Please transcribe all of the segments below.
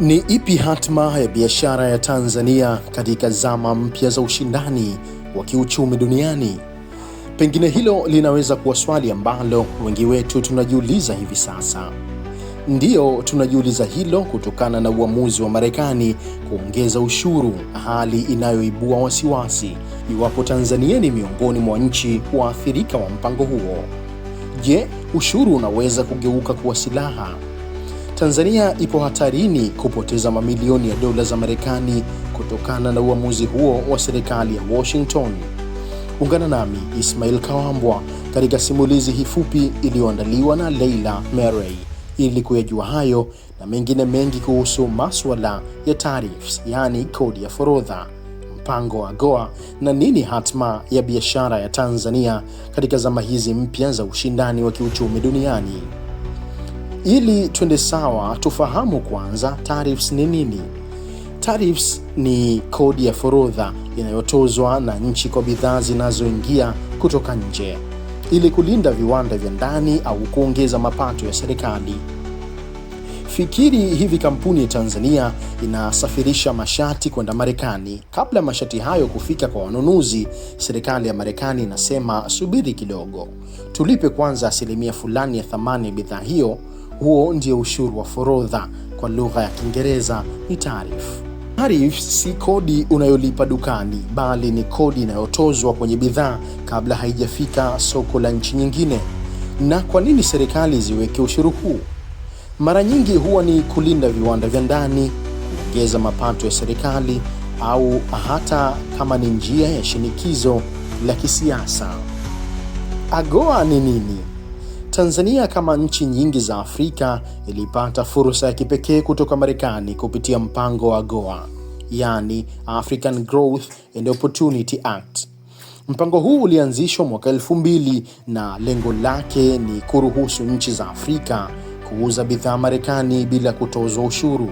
Ni ipi hatma ya biashara ya Tanzania katika zama mpya za ushindani wa kiuchumi duniani? Pengine hilo linaweza kuwa swali ambalo wengi wetu tunajiuliza hivi sasa. Ndiyo, tunajiuliza hilo kutokana na uamuzi wa Marekani kuongeza ushuru, hali inayoibua wasiwasi iwapo Tanzania ni miongoni mwa nchi waathirika wa mpango huo. Je, ushuru unaweza kugeuka kuwa silaha Tanzania ipo hatarini kupoteza mamilioni ya dola za Marekani kutokana na uamuzi huo wa serikali ya Washington. Ungana nami Ismail Kawambwa katika simulizi hii fupi iliyoandaliwa na Leila Merey ili kuyajua hayo na mengine mengi kuhusu maswala ya tariffs, yaani kodi ya forodha, mpango wa AGOA na nini hatma ya biashara ya Tanzania katika zama hizi mpya za ushindani wa kiuchumi duniani. Ili twende sawa, tufahamu kwanza tariffs ni nini. Tariffs ni kodi ya forodha inayotozwa na nchi kwa bidhaa zinazoingia kutoka nje ili kulinda viwanda vya ndani au kuongeza mapato ya serikali. Fikiri hivi, kampuni ya Tanzania inasafirisha mashati kwenda Marekani. Kabla mashati hayo kufika kwa wanunuzi, serikali ya Marekani inasema subiri kidogo, tulipe kwanza asilimia fulani ya thamani ya bidhaa hiyo huo ndio ushuru wa forodha, kwa lugha ya Kiingereza ni taarif. Taarif si kodi unayolipa dukani, bali ni kodi inayotozwa kwenye bidhaa kabla haijafika soko la nchi nyingine. Na kwa nini serikali ziweke ushuru huu? Mara nyingi huwa ni kulinda viwanda vya ndani, kuongeza mapato ya serikali, au hata kama ni njia ya shinikizo la kisiasa. AGOA ni nini? Tanzania kama nchi nyingi za Afrika ilipata fursa ya kipekee kutoka Marekani kupitia mpango wa AGOA, yani African Growth and Opportunity Act. Mpango huu ulianzishwa mwaka elfu mbili na lengo lake ni kuruhusu nchi za Afrika kuuza bidhaa Marekani bila kutozwa ushuru.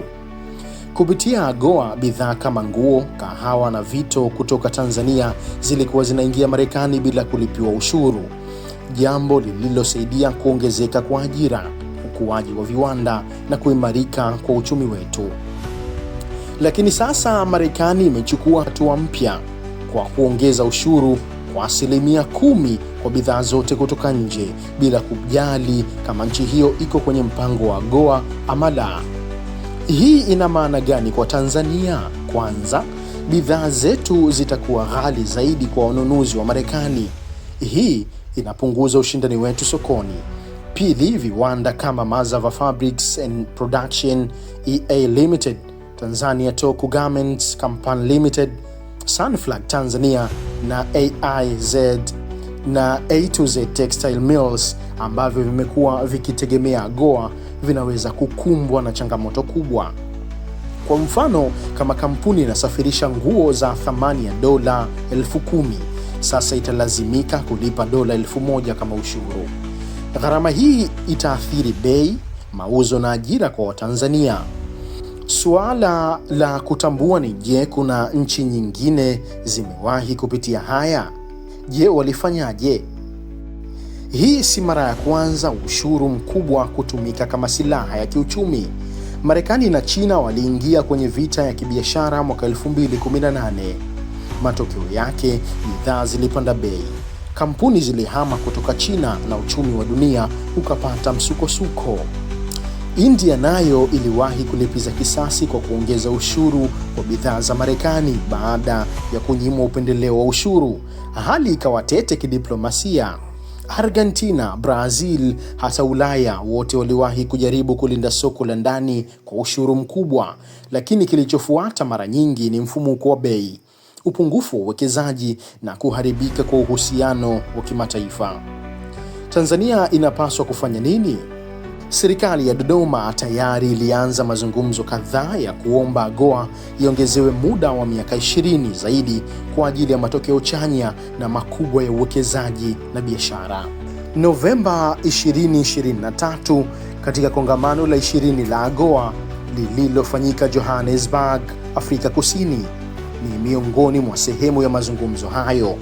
Kupitia AGOA, bidhaa kama nguo, kahawa na vito kutoka Tanzania zilikuwa zinaingia Marekani bila kulipiwa ushuru jambo lililosaidia kuongezeka kwa ajira, ukuaji wa viwanda na kuimarika kwa uchumi wetu. Lakini sasa Marekani imechukua hatua mpya kwa kuongeza ushuru kwa asilimia kumi kwa bidhaa zote kutoka nje bila kujali kama nchi hiyo iko kwenye mpango wa AGOA ama la. Hii ina maana gani kwa Tanzania? Kwanza, bidhaa zetu zitakuwa ghali zaidi kwa wanunuzi wa Marekani. Hii inapunguza ushindani wetu sokoni. Pili, viwanda kama Mazava Fabrics and Production EA Limited, Tanzania Toku Garments Company Limited, Sunflag Tanzania na AIZ na A2Z Textile Mills ambavyo vimekuwa vikitegemea goa vinaweza kukumbwa na changamoto kubwa. Kwa mfano, kama kampuni inasafirisha nguo za thamani ya dola elfu kumi sasa italazimika kulipa dola elfu moja kama ushuru. Gharama hii itaathiri bei, mauzo na ajira kwa Watanzania. Suala la kutambua ni je, kuna nchi nyingine zimewahi kupitia haya? Je, walifanyaje? Hii si mara ya kwanza ushuru mkubwa kutumika kama silaha ya kiuchumi. Marekani na China waliingia kwenye vita ya kibiashara mwaka 2018. Matokeo yake bidhaa zilipanda bei, kampuni zilihama kutoka China na uchumi wa dunia ukapata msukosuko. India nayo iliwahi kulipiza kisasi kwa kuongeza ushuru wa bidhaa za Marekani baada ya kunyimwa upendeleo wa ushuru. Hali ikawa tete kidiplomasia. Argentina, Brazil, hata Ulaya wote waliwahi kujaribu kulinda soko la ndani kwa ushuru mkubwa, lakini kilichofuata mara nyingi ni mfumuko wa bei upungufu wa uwekezaji na kuharibika kwa uhusiano wa kimataifa. Tanzania inapaswa kufanya nini? Serikali ya Dodoma tayari ilianza mazungumzo kadhaa ya kuomba AGOA iongezewe muda wa miaka 20 zaidi kwa ajili ya matokeo chanya na makubwa ya uwekezaji na biashara. Novemba 2023 katika kongamano la 20 la AGOA lililofanyika Johannesburg, Afrika Kusini ni miongoni mwa sehemu ya mazungumzo hayo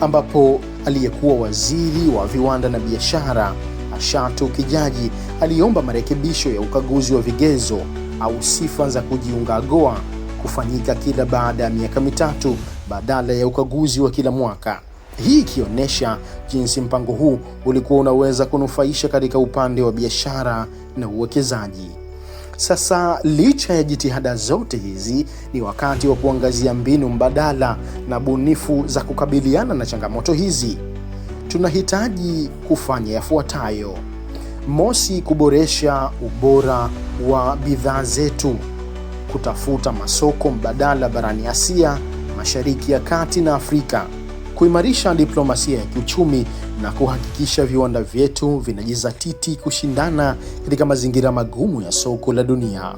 ambapo aliyekuwa waziri wa viwanda na biashara Ashatu Kijaji aliomba marekebisho ya ukaguzi wa vigezo au sifa za kujiunga AGOA kufanyika kila baada ya miaka mitatu badala ya ukaguzi wa kila mwaka, hii ikionyesha jinsi mpango huu ulikuwa unaweza kunufaisha katika upande wa biashara na uwekezaji. Sasa licha ya jitihada zote hizi, ni wakati wa kuangazia mbinu mbadala na bunifu za kukabiliana na changamoto hizi. Tunahitaji kufanya yafuatayo: mosi, kuboresha ubora wa bidhaa zetu, kutafuta masoko mbadala barani Asia, Mashariki ya Kati na Afrika kuimarisha diplomasia ya kiuchumi na kuhakikisha viwanda vyetu vinajizatiti kushindana katika mazingira magumu ya soko la dunia.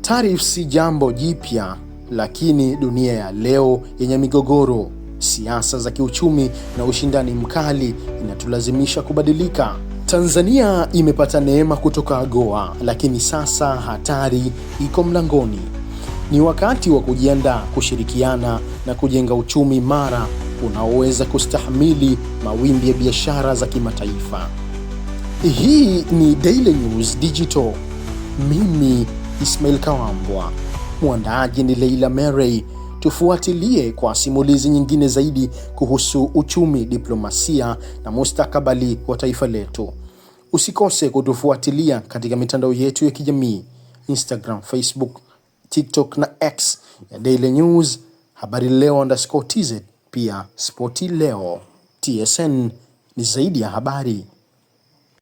Tarifu si jambo jipya, lakini dunia ya leo yenye migogoro, siasa za kiuchumi na ushindani mkali inatulazimisha kubadilika. Tanzania imepata neema kutoka AGOA, lakini sasa hatari iko mlangoni. Ni wakati wa kujiandaa, kushirikiana na kujenga uchumi imara unaoweza kustahimili mawimbi ya biashara za kimataifa. Hii ni Daily News Digital. Mimi Ismail Kawambwa, mwandaaji ni Leila Merey. Tufuatilie kwa simulizi nyingine zaidi kuhusu uchumi, diplomasia na mustakabali wa taifa letu. Usikose kutufuatilia katika mitandao yetu ya kijamii Instagram, Facebook, TikTok na X ya Daily News habari leo underscore tz pia Spoti Leo. TSN ni zaidi ya habari.